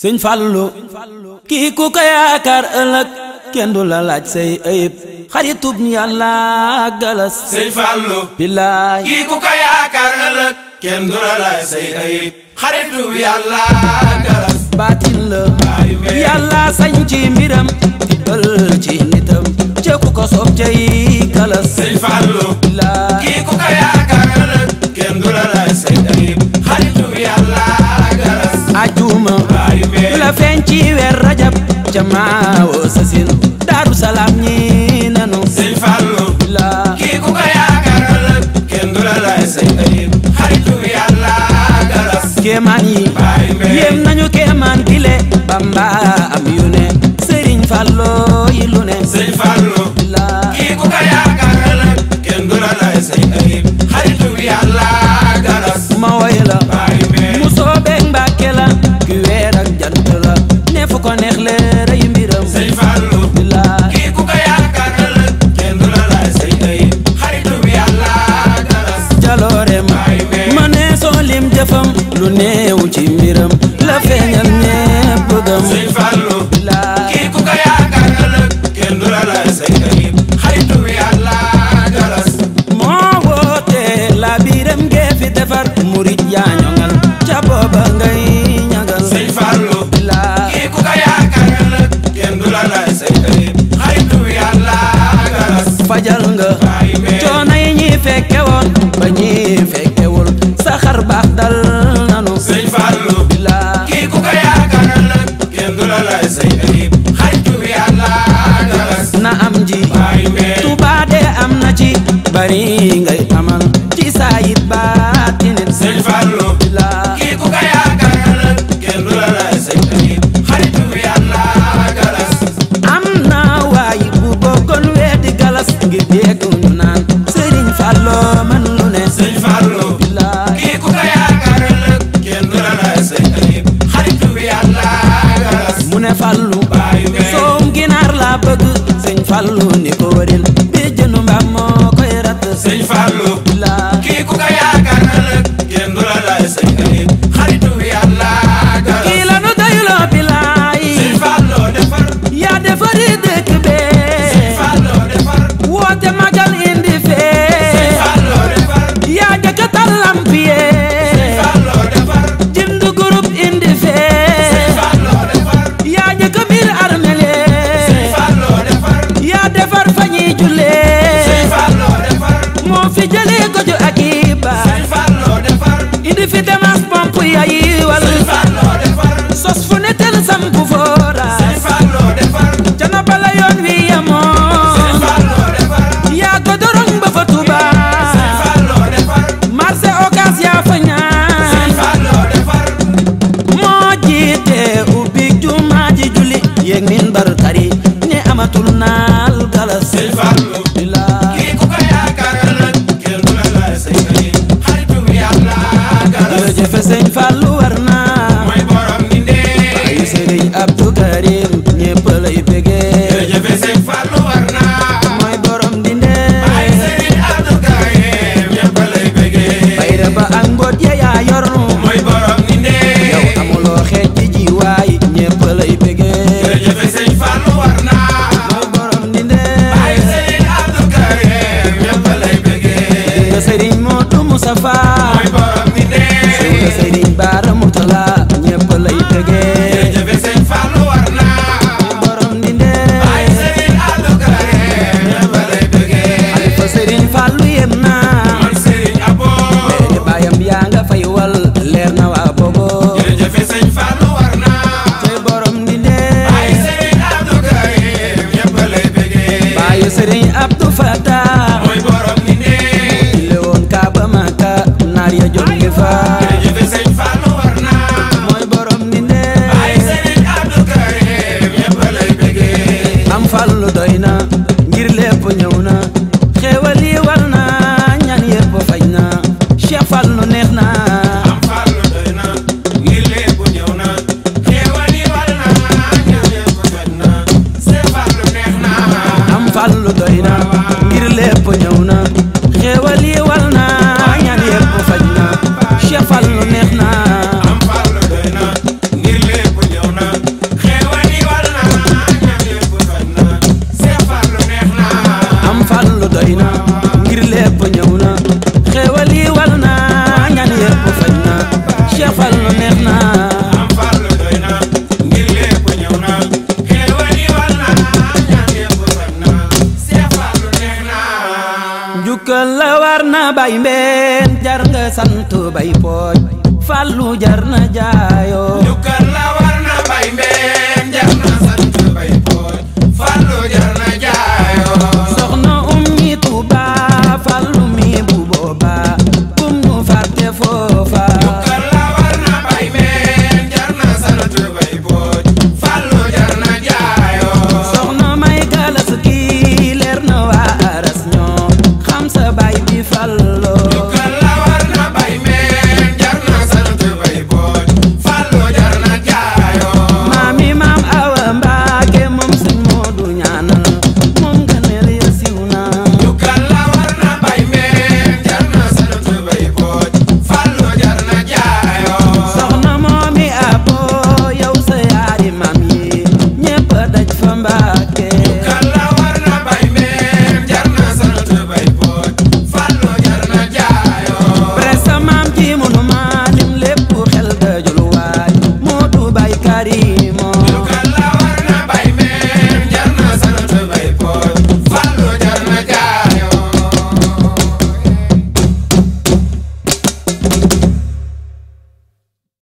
sëñ Fallou kii ku ko yaakaar ëllëg kenn du la laaj say ayib xaritub yàlla galas baatin la yàlla sañ ci mbiram di bël ci nitam ca ku ko soob cay galas yéem nañu kéemaan gile bamba am yu ne sëriñ fallo yi lu ne sëriñ fallo kii ku ko yaakaar ëllëg kenn du la lay say ayib xaritu yàlla garas ma woy la mu soobee mbàkke la ki weer ak jant la ne fu ko neex leer ay mbiram sëriñ fallo kii ku ko yaakaar ëllëg kenn du la lay say ayib xaritu yàlla garas jaloore ma ma ne soo lim jëfam lu néew ci mbiram bari ngay amal ci saa yi baatin sëñ Fallu kii ku ko yaakaar kenn du la lay sëñ bi xaritu yàlla galas am na waaye bu bokkoon weddi galas ngir dégg ñu naan sëriñ Fallu man lu ne sëñ Fallu kii ku ko yaakaar kenn du la lay sëñ bi xaritu yàlla galas mu ne Fallu soo ginaar laa bëgg sëñ Fallu ni ko jërëjëf sëñ Fallou Well. bay pooj fallu jar na jaayoo